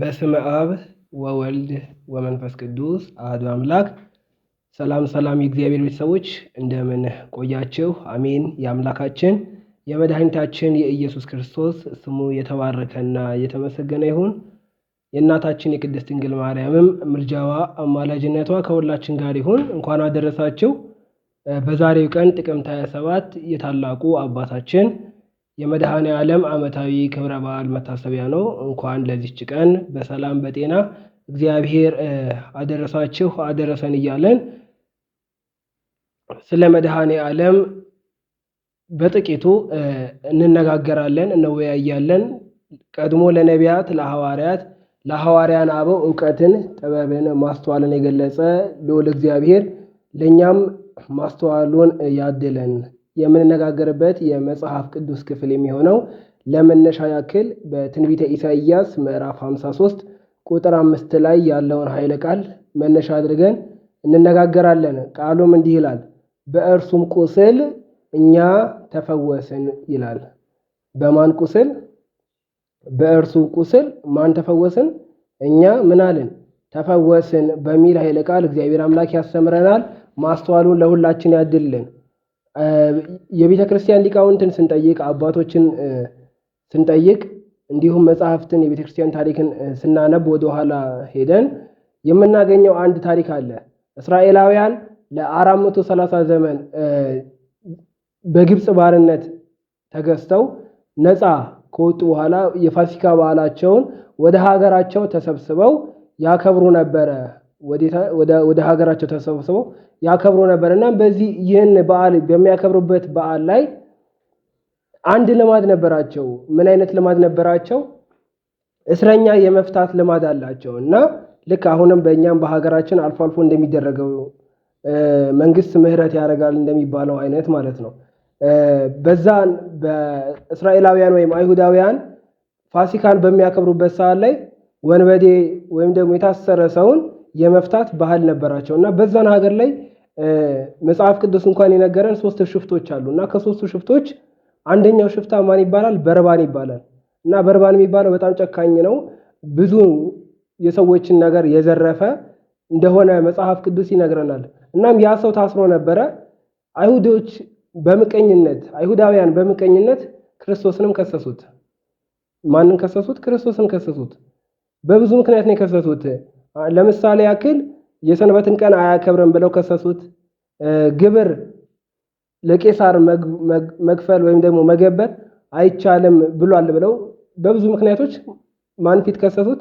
በስመ አብ ወወልድ ወመንፈስ ቅዱስ አሐዱ አምላክ። ሰላም ሰላም፣ የእግዚአብሔር ቤተሰቦች እንደምን ቆያችሁ? አሜን። የአምላካችን የመድኃኒታችን የኢየሱስ ክርስቶስ ስሙ የተባረከና የተመሰገነ ይሁን። የእናታችን የቅድስት ድንግል ማርያምም ምልጃዋ አማላጅነቷ ከሁላችን ጋር ይሁን። እንኳን አደረሳችሁ። በዛሬው ቀን ጥቅምት 27 የታላቁ አባታችን የመድኃኔ ዓለም ዓመታዊ ክብረ በዓል መታሰቢያ ነው። እንኳን ለዚች ቀን በሰላም በጤና እግዚአብሔር አደረሳችሁ አደረሰን እያለን ስለ መድኃኔ ዓለም በጥቂቱ እንነጋገራለን፣ እንወያያለን። ቀድሞ ለነቢያት፣ ለሐዋርያት ለሐዋርያን አበው እውቀትን፣ ጥበብን፣ ማስተዋልን የገለጸ ልዑል እግዚአብሔር ለእኛም ማስተዋሉን ያድለን። የምንነጋገርበት የመጽሐፍ ቅዱስ ክፍል የሚሆነው ለመነሻ ያክል በትንቢተ ኢሳይያስ ምዕራፍ 53 ቁጥር አምስት ላይ ያለውን ኃይለ ቃል መነሻ አድርገን እንነጋገራለን። ቃሉም እንዲህ ይላል፣ በእርሱም ቁስል እኛ ተፈወስን ይላል። በማን ቁስል? በእርሱ ቁስል ማን ተፈወስን? እኛ ምን አልን? ተፈወስን በሚል ኃይለ ቃል እግዚአብሔር አምላክ ያስተምረናል። ማስተዋሉን ለሁላችን ያድልን። የቤተ ክርስቲያን ሊቃውንትን ስንጠይቅ አባቶችን ስንጠይቅ እንዲሁም መጽሐፍትን የቤተ ክርስቲያን ታሪክን ስናነብ ወደኋላ ሄደን የምናገኘው አንድ ታሪክ አለ። እስራኤላውያን ለ 430 ዘመን በግብፅ ባርነት ተገዝተው ነፃ ከወጡ በኋላ የፋሲካ በዓላቸውን ወደ ሀገራቸው ተሰብስበው ያከብሩ ነበረ። ወደ ሀገራቸው ተሰብስበው ያከብሮ ነበር እና በዚህ ይህን በዓል በሚያከብሩበት በዓል ላይ አንድ ልማድ ነበራቸው። ምን አይነት ልማድ ነበራቸው? እስረኛ የመፍታት ልማድ አላቸው እና ልክ አሁንም በእኛም በሀገራችን አልፎ አልፎ እንደሚደረገው መንግስት ምህረት ያደርጋል እንደሚባለው አይነት ማለት ነው። በዛ በእስራኤላውያን ወይም አይሁዳውያን ፋሲካን በሚያከብሩበት ሰዓት ላይ ወንበዴ ወይም ደግሞ የታሰረ ሰውን የመፍታት ባህል ነበራቸው እና በዛን ሀገር ላይ መጽሐፍ ቅዱስ እንኳን የነገረን ሶስት ሽፍቶች አሉ እና ከሶስቱ ሽፍቶች አንደኛው ሽፍታ ማን ይባላል? በርባን ይባላል እና በርባን የሚባለው በጣም ጨካኝ ነው። ብዙ የሰዎችን ነገር የዘረፈ እንደሆነ መጽሐፍ ቅዱስ ይነግረናል። እናም ያ ሰው ታስሮ ነበረ። አይሁዶች በምቀኝነት አይሁዳውያን በምቀኝነት ክርስቶስንም ከሰሱት። ማንን ከሰሱት? ክርስቶስን ከሰሱት። በብዙ ምክንያት ነው የከሰሱት። ለምሳሌ ያክል የሰንበትን ቀን አያከብርም ብለው ከሰሱት። ግብር ለቄሳር መክፈል ወይም ደግሞ መገበር አይቻልም ብሏል ብለው በብዙ ምክንያቶች ማን ፊት ከሰሱት?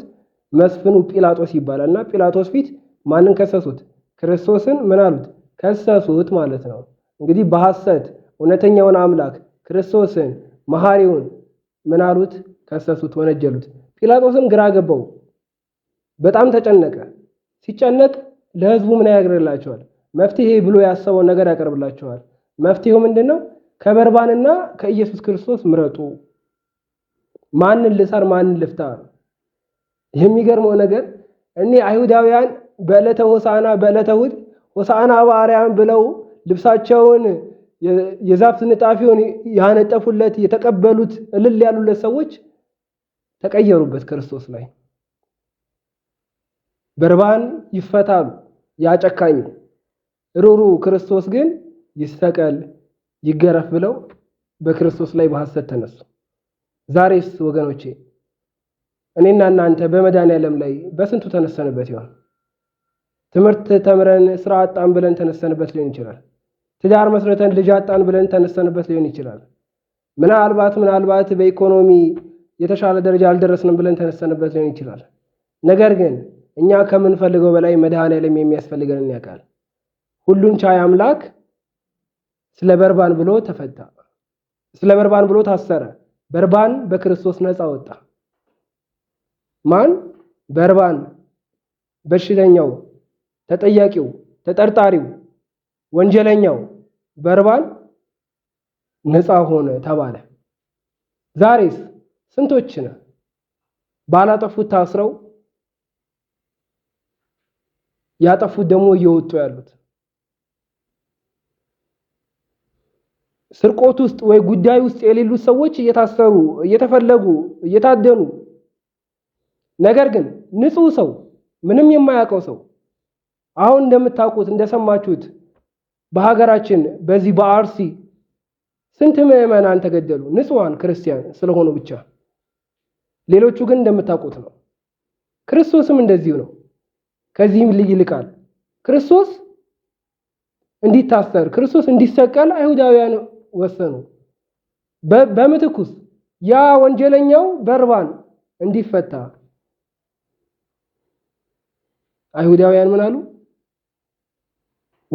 መስፍኑ ጲላጦስ ይባላል እና ጲላጦስ ፊት ማንን ከሰሱት? ክርስቶስን ምን አሉት? ከሰሱት ማለት ነው። እንግዲህ በሐሰት እውነተኛውን አምላክ ክርስቶስን መሐሪውን ምን አሉት? ከሰሱት፣ ወነጀሉት። ጲላጦስም ግራ ገባው። በጣም ተጨነቀ። ሲጨነቅ ለህዝቡ ምን ያግርላቸዋል? መፍትሄ ብሎ ያሰበውን ነገር ያቀርብላቸዋል። መፍትሄው ምንድን ነው? ከበርባንና ከኢየሱስ ክርስቶስ ምረጡ። ማንን ልሳር፣ ማንን ልፍታ? የሚገርመው ነገር እኔ አይሁዳውያን በዕለተ ሆሳና በዕለተ እሑድ ሆሳና በአርያም ብለው ልብሳቸውን የዛፍ ንጣፊውን ያነጠፉለት የተቀበሉት እልል ያሉለት ሰዎች ተቀየሩበት ክርስቶስ ላይ። በርባን ይፈታሉ ያጨካኝ ሩሩ ክርስቶስ ግን ይሰቀል ይገረፍ ብለው በክርስቶስ ላይ በሐሰት ተነሱ። ዛሬስ ወገኖቼ እኔና እናንተ በመድኃኔ ዓለም ላይ በስንቱ ተነሰንበት ይሆን? ትምህርት ተምረን ስራ አጣን ብለን ተነሰንበት ሊሆን ይችላል። ትዳር መስረተን ልጅ አጣን ብለን ተነሰንበት ሊሆን ይችላል። ምናልባት ምናልባት በኢኮኖሚ የተሻለ ደረጃ አልደረስንም ብለን ተነሰንበት ሊሆን ይችላል። ነገር ግን እኛ ከምንፈልገው በላይ መድኃኔዓለም የሚያስፈልገንን ያውቃል። ሁሉን ቻይ አምላክ ስለ በርባን ብሎ ተፈታ፣ ስለ በርባን ብሎ ታሰረ። በርባን በክርስቶስ ነፃ ወጣ። ማን በርባን? በሽተኛው፣ ተጠያቂው፣ ተጠርጣሪው፣ ወንጀለኛው በርባን ነፃ ሆነ ተባለ። ዛሬስ ስንቶች ባላጠፉት ታስረው ያጠፉት ደግሞ እየወጡ ያሉት ስርቆት ውስጥ ወይ ጉዳይ ውስጥ የሌሉት ሰዎች እየታሰሩ እየተፈለጉ እየታደኑ ነገር ግን ንጹህ ሰው ምንም የማያውቀው ሰው አሁን እንደምታውቁት እንደሰማችሁት በሀገራችን በዚህ በአርሲ ስንት ምዕመናን ተገደሉ፣ ንጹሃን ክርስቲያን ስለሆኑ ብቻ። ሌሎቹ ግን እንደምታውቁት ነው። ክርስቶስም እንደዚሁ ነው። ከዚህም ልጅ ይልቃል ክርስቶስ እንዲታሰር ክርስቶስ እንዲሰቀል አይሁዳውያን ወሰኑ። በምትኩስ ያ ወንጀለኛው በርባን እንዲፈታ አይሁዳውያን ምን አሉ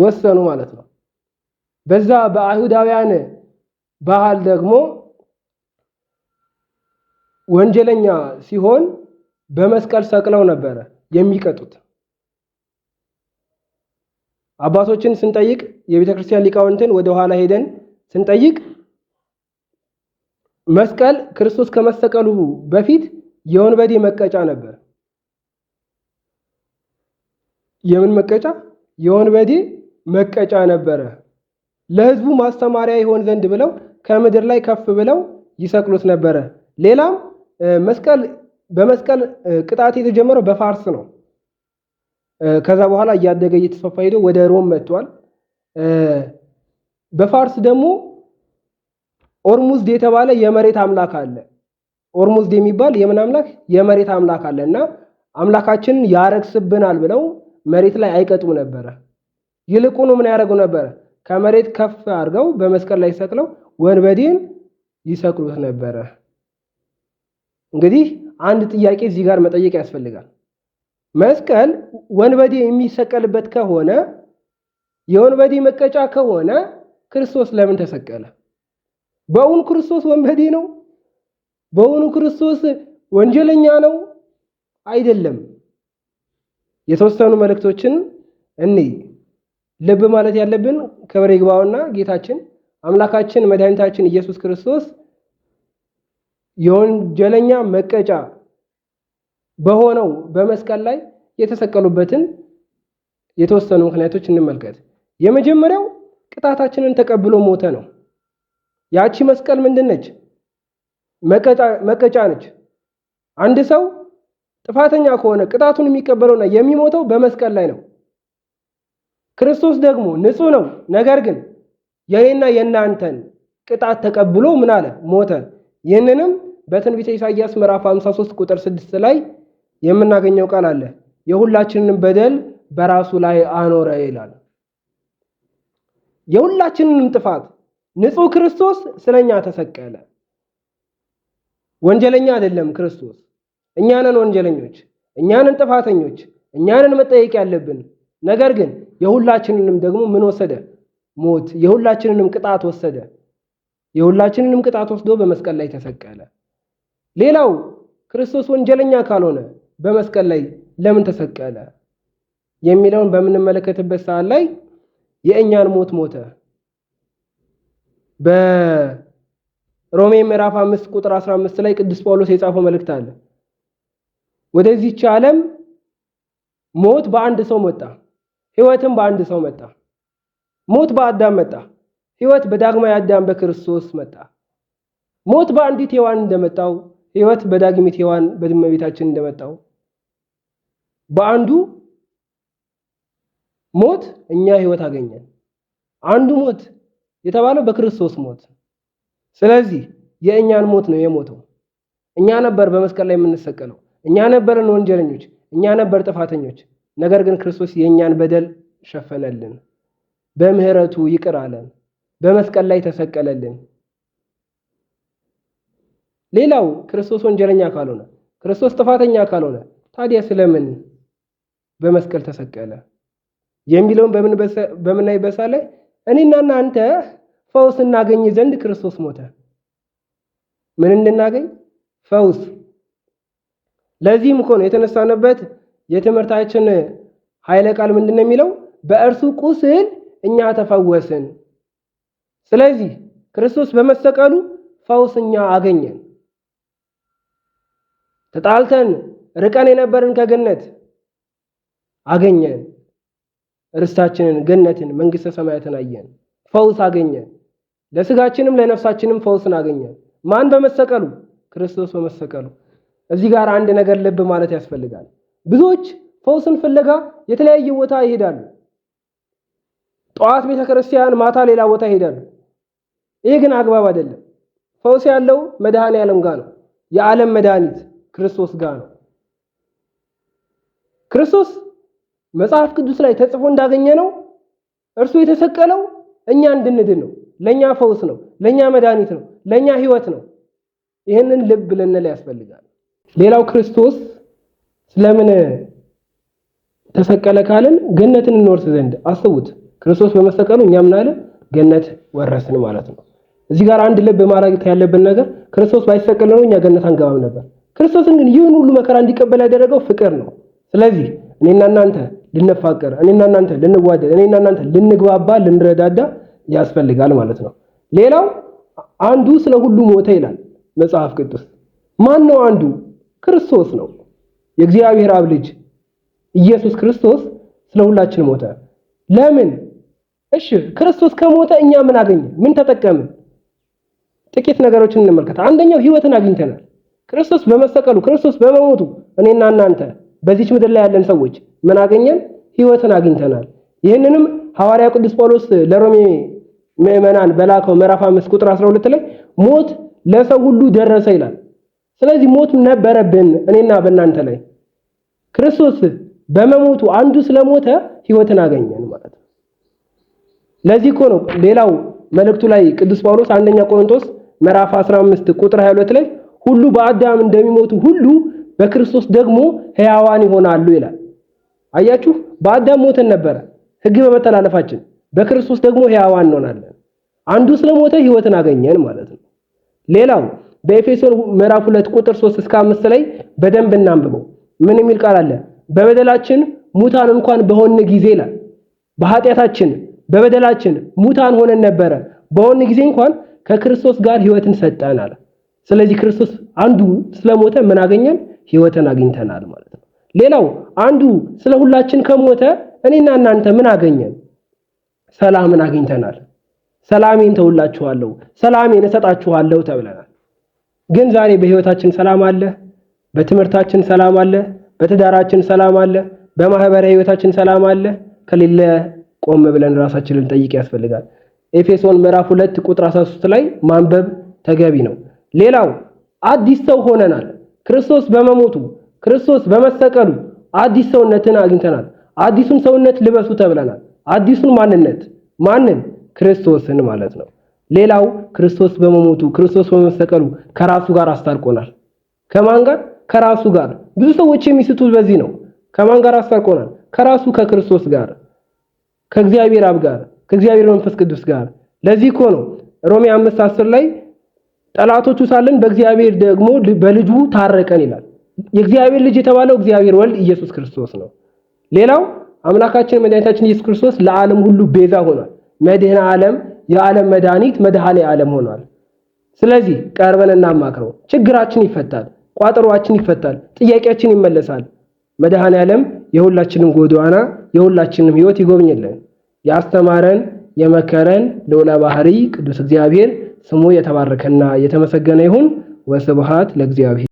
ወሰኑ ማለት ነው። በዛ በአይሁዳውያን ባህል ደግሞ ወንጀለኛ ሲሆን በመስቀል ሰቅለው ነበረ የሚቀጡት። አባቶችን ስንጠይቅ የቤተ ክርስቲያን ሊቃውንትን ወደ ኋላ ሄደን ስንጠይቅ መስቀል ክርስቶስ ከመሰቀሉ በፊት የወንበዴ መቀጫ ነበር። የምን መቀጫ? የወንበዴ መቀጫ ነበረ። ለሕዝቡ ማስተማሪያ ይሆን ዘንድ ብለው ከምድር ላይ ከፍ ብለው ይሰቅሉት ነበረ። ሌላም መስቀል በመስቀል ቅጣት የተጀመረው በፋርስ ነው። ከዛ በኋላ እያደገ እየተስፋፋ ሄዶ ወደ ሮም መጥቷል። በፋርስ ደግሞ ኦርሙዝድ የተባለ የመሬት አምላክ አለ። ኦርሙዝድ የሚባል የምን አምላክ የመሬት አምላክ አለ እና አምላካችንን ያረግስብናል ብለው መሬት ላይ አይቀጡም ነበረ። ይልቁኑ ምን ያደርጉ ነበረ? ከመሬት ከፍ አድርገው በመስቀል ላይ ሰቅለው ወንበዴን ይሰቅሉት ነበረ። እንግዲህ አንድ ጥያቄ እዚህ ጋር መጠየቅ ያስፈልጋል። መስቀል ወንበዴ የሚሰቀልበት ከሆነ የወንበዴ መቀጫ ከሆነ ክርስቶስ ለምን ተሰቀለ? በእውኑ ክርስቶስ ወንበዴ ነው? በእውኑ ክርስቶስ ወንጀለኛ ነው? አይደለም። የተወሰኑ መልእክቶችን እኔ ልብ ማለት ያለብን ክብር ይግባውና ጌታችን አምላካችን መድኃኒታችን ኢየሱስ ክርስቶስ የወንጀለኛ መቀጫ በሆነው በመስቀል ላይ የተሰቀሉበትን የተወሰኑ ምክንያቶች እንመልከት። የመጀመሪያው ቅጣታችንን ተቀብሎ ሞተ ነው። ያቺ መስቀል ምንድን ነች? መቀጫ ነች። አንድ ሰው ጥፋተኛ ከሆነ ቅጣቱን የሚቀበለውና የሚሞተው በመስቀል ላይ ነው። ክርስቶስ ደግሞ ንጹህ ነው። ነገር ግን የኔና የእናንተን ቅጣት ተቀብሎ ምን አለ? ሞተ። ይህንንም በትንቢተ ኢሳይያስ ምዕራፍ 53 ቁጥር 6 ላይ የምናገኘው ቃል አለ። የሁላችንን በደል በራሱ ላይ አኖረ ይላል። የሁላችንንም ጥፋት ንጹህ ክርስቶስ ስለኛ ተሰቀለ። ወንጀለኛ አይደለም ክርስቶስ። እኛንን ወንጀለኞች፣ እኛንን ጥፋተኞች፣ እኛንን መጠየቅ ያለብን። ነገር ግን የሁላችንንም ደግሞ ምን ወሰደ? ሞት። የሁላችንንም ቅጣት ወሰደ። የሁላችንንም ቅጣት ወስዶ በመስቀል ላይ ተሰቀለ። ሌላው ክርስቶስ ወንጀለኛ ካልሆነ በመስቀል ላይ ለምን ተሰቀለ የሚለውን በምንመለከትበት ሰዓት ላይ የእኛን ሞት ሞተ። በሮሜ ምዕራፍ 5 ቁጥር 15 ላይ ቅዱስ ጳውሎስ የጻፈው መልእክት አለ። ወደዚህች ዓለም ሞት በአንድ ሰው መጣ፣ ህይወትም በአንድ ሰው መጣ። ሞት በአዳም መጣ፣ ህይወት በዳግማዊ አዳም በክርስቶስ መጣ። ሞት በአንዲት ሔዋን እንደመጣው ህይወት በዳግሚት ሔዋን በድመቤታችን እንደመጣው በአንዱ ሞት እኛ ህይወት አገኘን። አንዱ ሞት የተባለው በክርስቶስ ሞት። ስለዚህ የእኛን ሞት ነው የሞተው። እኛ ነበር በመስቀል ላይ የምንሰቀለው፣ እኛ ነበርን ወንጀለኞች፣ እኛ ነበር ጥፋተኞች። ነገር ግን ክርስቶስ የእኛን በደል ሸፈነልን፣ በምህረቱ ይቅር አለን፣ በመስቀል ላይ ተሰቀለልን። ሌላው ክርስቶስ ወንጀለኛ ካልሆነ ክርስቶስ ጥፋተኛ ካልሆነ ታዲያ ስለምን በመስቀል ተሰቀለ የሚለውን በምናይበት ላይ እኔና እናንተ ፈውስ እናገኝ ዘንድ ክርስቶስ ሞተ። ምን እንድናገኝ? ፈውስ። ለዚህም እኮ ነው የተነሳንበት የትምህርታችን ኃይለ ቃል ምንድን ነው የሚለው? በእርሱ ቁስል እኛ ተፈወስን። ስለዚህ ክርስቶስ በመሰቀሉ ፈውስ እኛ አገኘን። ተጣልተን ርቀን የነበርን ከገነት አገኘን። ርስታችንን ገነትን፣ መንግስተ ሰማያትን አየን። ፈውስ አገኘን። ለስጋችንም ለነፍሳችንም ፈውስን አገኘን። ማን በመሰቀሉ? ክርስቶስ በመሰቀሉ። እዚህ ጋር አንድ ነገር ልብ ማለት ያስፈልጋል። ብዙዎች ፈውስን ፍለጋ የተለያየ ቦታ ይሄዳሉ። ጠዋት ቤተ ክርስቲያን፣ ማታ ሌላ ቦታ ይሄዳሉ። ይህ ግን አግባብ አይደለም። ፈውስ ያለው መድኃኔ ዓለም ጋር ነው። የዓለም መድኃኒት ክርስቶስ ጋር ነው። ክርስቶስ መጽሐፍ ቅዱስ ላይ ተጽፎ እንዳገኘ ነው እርሱ የተሰቀለው እኛ እንድንድን ነው። ለኛ ፈውስ ነው፣ ለኛ መድኃኒት ነው፣ ለኛ ህይወት ነው። ይህንን ልብ ልንል ያስፈልጋል። ሌላው ክርስቶስ ስለምን ተሰቀለ ካልን ገነትን እንወርስ ዘንድ አስቡት። ክርስቶስ በመሰቀሉ እኛ ምን አለ ገነት ወረስን ማለት ነው። እዚህ ጋር አንድ ልብ ማድረግ ያለብን ነገር ክርስቶስ ባይሰቀል ነው እኛ ገነት አንገባም ነበር። ክርስቶስን ግን ይህን ሁሉ መከራ እንዲቀበል ያደረገው ፍቅር ነው። ስለዚህ እኔና እናንተ ልንፋቀር፣ እኔና እናንተ ልንዋደድ፣ እኔና እናንተ ልንግባባ፣ ልንረዳዳ ያስፈልጋል ማለት ነው። ሌላው አንዱ ስለ ሁሉ ሞተ ይላል መጽሐፍ ቅዱስ። ማን ነው አንዱ? ክርስቶስ ነው። የእግዚአብሔር አብ ልጅ ኢየሱስ ክርስቶስ ስለ ሁላችን ሞተ። ለምን? እሺ ክርስቶስ ከሞተ እኛ ምን አገኘ? ምን ተጠቀምን? ጥቂት ነገሮችን እንመልከት። አንደኛው ህይወትን አግኝተናል። ክርስቶስ በመሰቀሉ ክርስቶስ በመሞቱ እኔና እናንተ በዚች ምድር ላይ ያለን ሰዎች ምን አገኘን? ህይወትን አግኝተናል። ይህንንም ሐዋርያ ቅዱስ ጳውሎስ ለሮሜ ምዕመናን በላከው ምዕራፍ 5 ቁጥር 12 ላይ ሞት ለሰው ሁሉ ደረሰ ይላል። ስለዚህ ሞት ነበረብን እኔና በእናንተ ላይ ክርስቶስ በመሞቱ አንዱ ስለሞተ ህይወትን አገኘን ማለት ነው። ለዚህ እኮ ነው ሌላው መልእክቱ ላይ ቅዱስ ጳውሎስ አንደኛ ቆሮንቶስ ምዕራፍ 15 ቁጥር 22 ላይ ሁሉ በአዳም እንደሚሞቱ ሁሉ በክርስቶስ ደግሞ ሕያዋን ይሆናሉ ይላል። አያችሁ፣ በአዳም ሞተን ነበረ ሕግ በመተላለፋችን፣ በክርስቶስ ደግሞ ሕያዋን እንሆናለን። አንዱ ስለሞተ ሕይወትን አገኘን ማለት ነው። ሌላው በኤፌሶን ምዕራፍ 2 ቁጥር 3 እስከ 5 ላይ በደንብ እናንብበው። ምን የሚል ቃል አለ? በበደላችን ሙታን እንኳን በሆን ጊዜ ይላል። በኃጢአታችን በበደላችን ሙታን ሆነን ነበረ፣ በሆን ጊዜ እንኳን ከክርስቶስ ጋር ሕይወትን ሰጠን አለ። ስለዚህ ክርስቶስ አንዱ ስለሞተ ምን አገኘን? ህይወትን አግኝተናል ማለት ነው። ሌላው አንዱ ስለ ሁላችን ከሞተ እኔና እናንተ ምን አገኘን? ሰላምን አግኝተናል። ሰላሜን ተውላችኋለሁ፣ ሰላሜን እሰጣችኋለሁ ተብለናል። ግን ዛሬ በህይወታችን ሰላም አለ? በትምህርታችን ሰላም አለ? በትዳራችን ሰላም አለ? በማህበራዊ ህይወታችን ሰላም አለ? ከሌለ ቆም ብለን ራሳችንን ጠይቅ ያስፈልጋል። ኤፌሶን ምዕራፍ 2 ቁጥር 13 ላይ ማንበብ ተገቢ ነው። ሌላው አዲስ ሰው ሆነናል። ክርስቶስ በመሞቱ ክርስቶስ በመሰቀሉ አዲስ ሰውነትን አግኝተናል። አዲሱን ሰውነት ልበሱ ተብለናል። አዲሱን ማንነት ማንን? ክርስቶስን ማለት ነው። ሌላው ክርስቶስ በመሞቱ ክርስቶስ በመሰቀሉ ከራሱ ጋር አስታርቆናል። ከማን ጋር? ከራሱ ጋር። ብዙ ሰዎች የሚስቱ በዚህ ነው። ከማን ጋር አስታርቆናል? ከራሱ ከክርስቶስ ጋር፣ ከእግዚአብሔር አብ ጋር፣ ከእግዚአብሔር መንፈስ ቅዱስ ጋር። ለዚህ እኮ ነው ሮሜ አምስት አስር ላይ ጠላቶቹ ሳለን በእግዚአብሔር ደግሞ በልጁ ታረቀን ይላል። የእግዚአብሔር ልጅ የተባለው እግዚአብሔር ወልድ ኢየሱስ ክርስቶስ ነው። ሌላው አምላካችን መድኃኒታችን ኢየሱስ ክርስቶስ ለዓለም ሁሉ ቤዛ ሆኗል። መድህን ዓለም የዓለም መድኃኒት መድኃኔ ዓለም ሆኗል። ስለዚህ ቀርበን እናማክረው፣ ችግራችን ይፈታል፣ ቋጠሯችን ይፈታል፣ ጥያቄያችን ይመለሳል። መድኃኔ ዓለም የሁላችንም ጎዳና የሁላችንም ሕይወት ይጎብኝልን። ያስተማረን የመከረን ልዑለ ባህሪ ቅዱስ እግዚአብሔር ስሙ የተባረከና የተመሰገነ ይሁን። ወስብሃት ለእግዚአብሔር።